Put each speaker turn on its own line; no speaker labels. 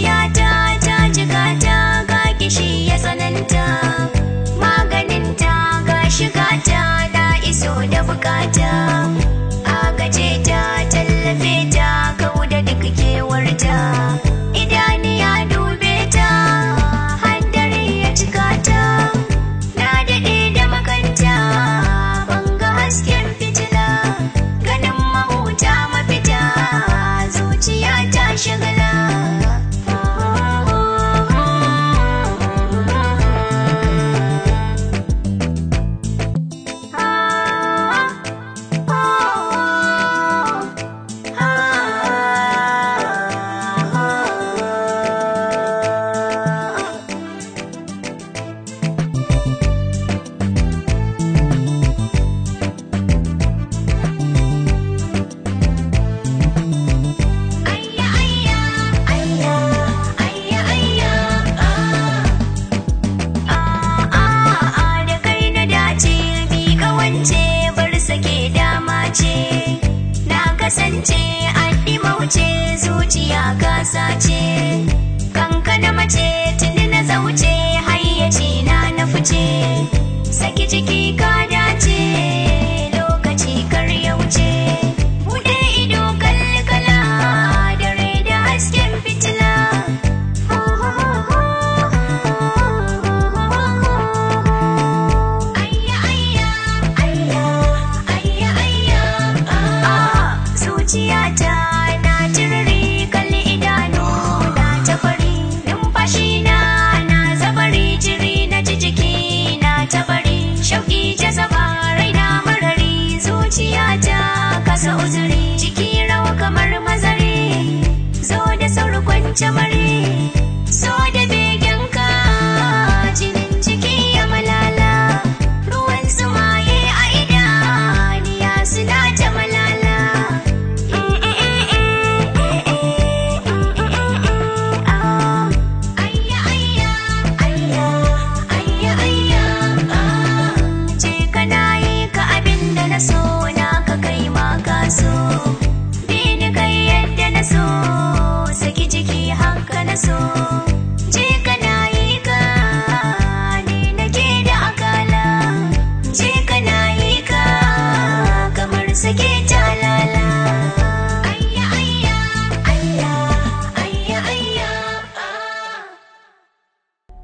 soyayyata ta jigata ga kishi ya tsananta maganinta ga shi shigata na iso da bukata 時期が uzuri jiki rawa kamar mazare zo da sauri kwance mare